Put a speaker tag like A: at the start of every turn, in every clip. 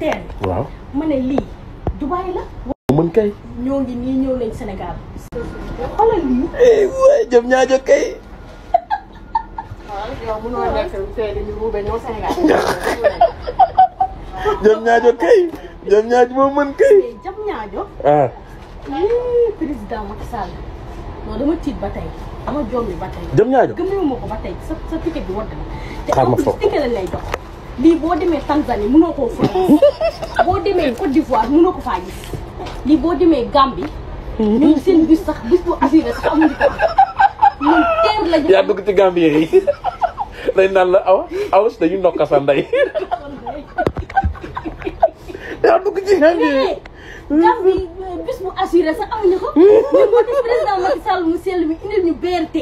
A: teen waaw ma ne lii Dubaay la mën kay ñoo ngi nii ñëw nañ Sénégal xoolal eh, jëm ñaajo kay jëm ñaajo kay jëm ñaajo moo mën kay eh, jëm ñaajo ah eh, président Macky Sall non dama tiit ba tey dama jombi ba tey jëm ñaajo gëmewuma ko ba tey sa sa ticket bi wadd te ticket lañ lay lii boo demee Tanzanie mënoo koo fa gis boo demee Côte d'Ivoire mënoo ko faa gis lii boo demee Gambie. ñoom mhm. seen bus sax bus bu assuré la. ci Gambie yi dañ naan la aw aw dañu ndokk eh, eh, mu sell ñu BRT.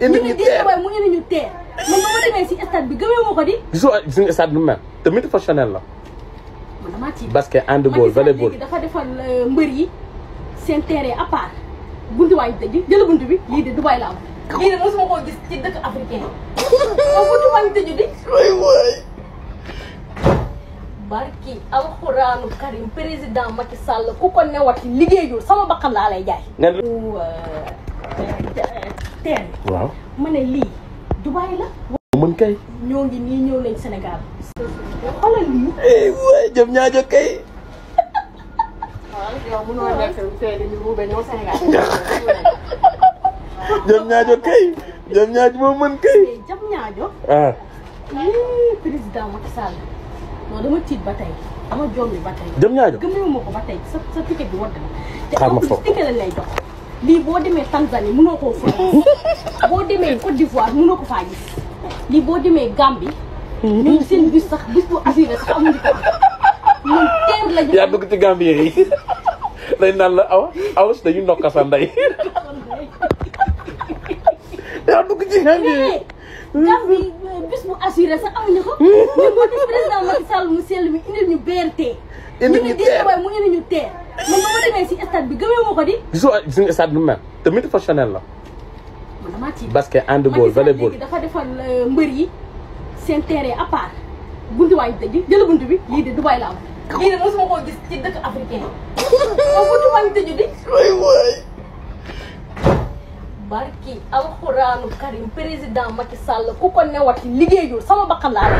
A: indil ñu teer ñu ne ñu teer. man ba ma demee si stade bi gëmee ma ko di. gisoo suñu stade bi mu mel te multifonctionnel la. man damaa ciy basket handball volleyball dafa defal euh, mbër yi seen terrain à part buntu tëj jël buntu bi lii de Dubaï la am. lii de mosuma koo gis ci dëkk africain yi. waaw tëj di. barki alxuraanu karim président Macky Sall ku ko newati liggéeyul sama bakkan laa lay jaay. nen. Euh, lii. Dubaay la. mën kay. ñoo ngi nii ñëw nañ Sénégal. xoolal lii. eh waay jëm ñaajo kay. waaw yow mënoo nekk tey dañu jëm ñaajo kay. mën kay. Eh, jëm ñaajo. ah. yii eh, président Macky Sall non dama tiit ba tey dama jombi ba tey. jëm ñaajo gëmëwuma ko ba tey sa sa ticket bi war na. xaaral ma foofu lii boo demee Tanzanie mënoo koo fa gis boo demee Côte d'Ivoire mënoo ko faa gis lii boo demee Gambie. ñoom mhm. seen bus sax bus bu assuré sax amuñu ko ñoom teer la. yaa dugg ci Gambie yi dañ naan mu sell ñu BRT. indil ñu teer ñu mu indil ñu teer. man ba ma demee si stade bi gëmee ma ko di. gisoo suñu stade bi mu mel te multifonctionnel la. man damaa ciy basket handball volleyball dafa defal euh, mbër yi seen terrain à part buntu waa ñu tëj jël bi lii de Dubaï la am. lii de mosuma koo gis ci dëkk africain yi. waaw buntu tëj di. waay waay. barki alxuraanu karim président Macky Sall ku ko newati liggéeyul sama bakkan laa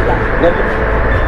A: lay